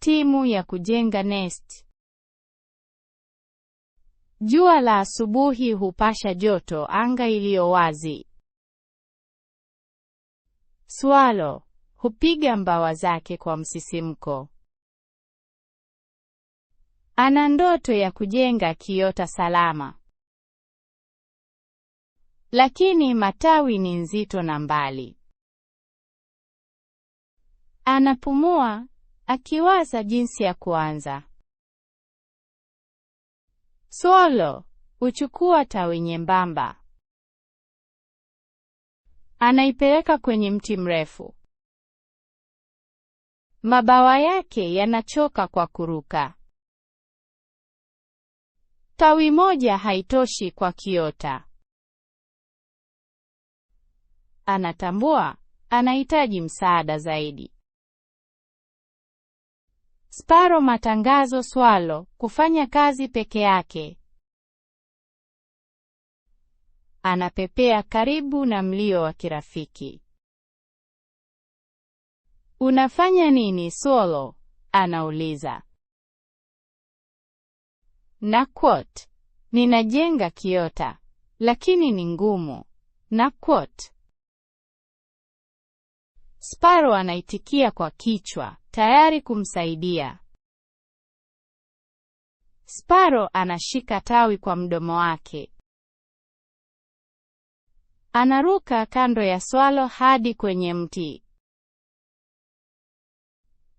Timu ya kujenga nest. Jua la asubuhi hupasha joto anga iliyo wazi. Swalo hupiga mbawa zake kwa msisimko. Ana ndoto ya kujenga kiota salama. Lakini matawi ni nzito na mbali. Anapumua akiwaza jinsi ya kuanza. Swolo huchukua tawi nyembamba, anaipeleka kwenye mti mrefu. Mabawa yake yanachoka kwa kuruka. Tawi moja haitoshi kwa kiota. Anatambua anahitaji msaada zaidi. Sparo matangazo swalo kufanya kazi peke yake. Anapepea karibu na mlio wa kirafiki. Unafanya nini Swolo? Anauliza. Na quote, ninajenga kiota, lakini ni ngumu. Na quote. Sparo anaitikia kwa kichwa tayari kumsaidia. Sparo anashika tawi kwa mdomo wake. Anaruka kando ya swalo hadi kwenye mti.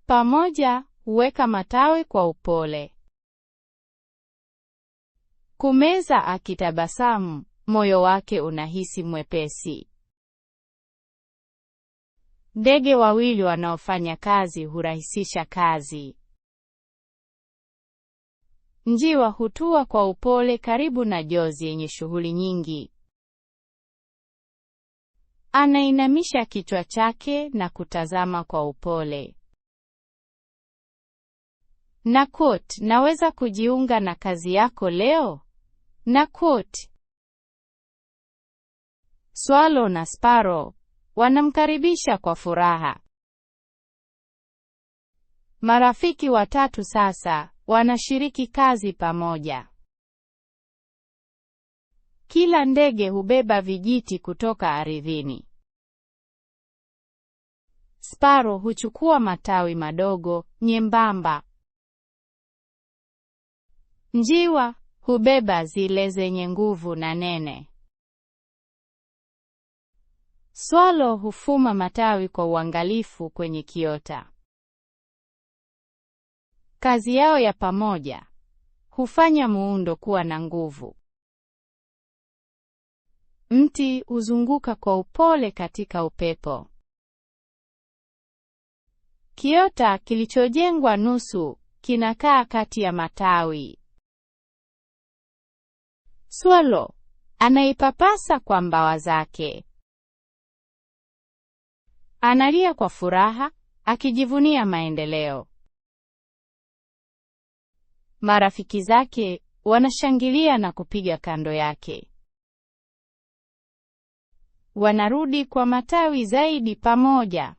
Pamoja huweka matawi kwa upole. Kumeza akitabasamu, moyo wake unahisi mwepesi. Ndege wawili wanaofanya kazi hurahisisha kazi. Njiwa hutua kwa upole karibu na jozi yenye shughuli nyingi. Anainamisha kichwa chake na kutazama kwa upole. quote, naweza kujiunga na kazi yako leo? quote. Swalo na Sparrow Wanamkaribisha kwa furaha. Marafiki watatu sasa wanashiriki kazi pamoja. Kila ndege hubeba vijiti kutoka ardhini. Sparo huchukua matawi madogo nyembamba. Njiwa hubeba zile zenye nguvu na nene. Swalo hufuma matawi kwa uangalifu kwenye kiota. Kazi yao ya pamoja hufanya muundo kuwa na nguvu. Mti huzunguka kwa upole katika upepo. Kiota kilichojengwa nusu kinakaa kati ya matawi. Swalo anaipapasa kwa mbawa zake. Analia kwa furaha akijivunia maendeleo. Marafiki zake wanashangilia na kupiga kando yake. Wanarudi kwa matawi zaidi pamoja.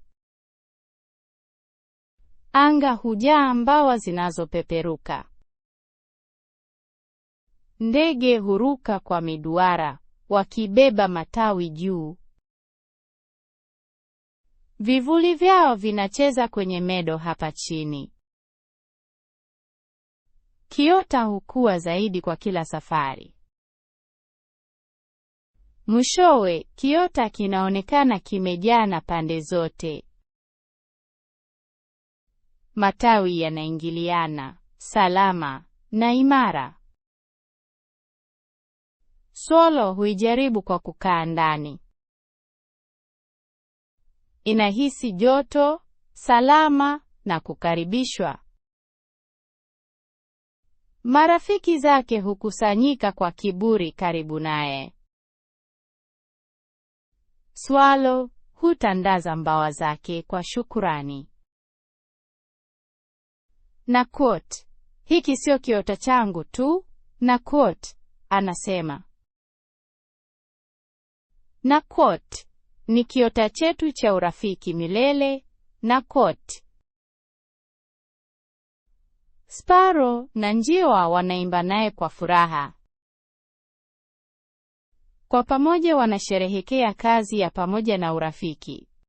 Anga hujaa mbawa zinazopeperuka. Ndege huruka kwa miduara wakibeba matawi juu Vivuli vyao vinacheza kwenye medo hapa chini. Kiota hukua zaidi kwa kila safari. Mwishowe, kiota kinaonekana kimejaa na pande zote. Matawi yanaingiliana, salama na imara. Swolo huijaribu kwa kukaa ndani inahisi joto, salama na kukaribishwa. Marafiki zake hukusanyika kwa kiburi karibu naye. Swalo hutandaza mbawa zake kwa shukurani. Na quote, hiki sio kiota changu tu, na quote, anasema. Na quote, ni kiota chetu cha urafiki milele na Koti. Sparo na njiwa wanaimba naye kwa furaha. Kwa pamoja wanasherehekea kazi ya pamoja na urafiki.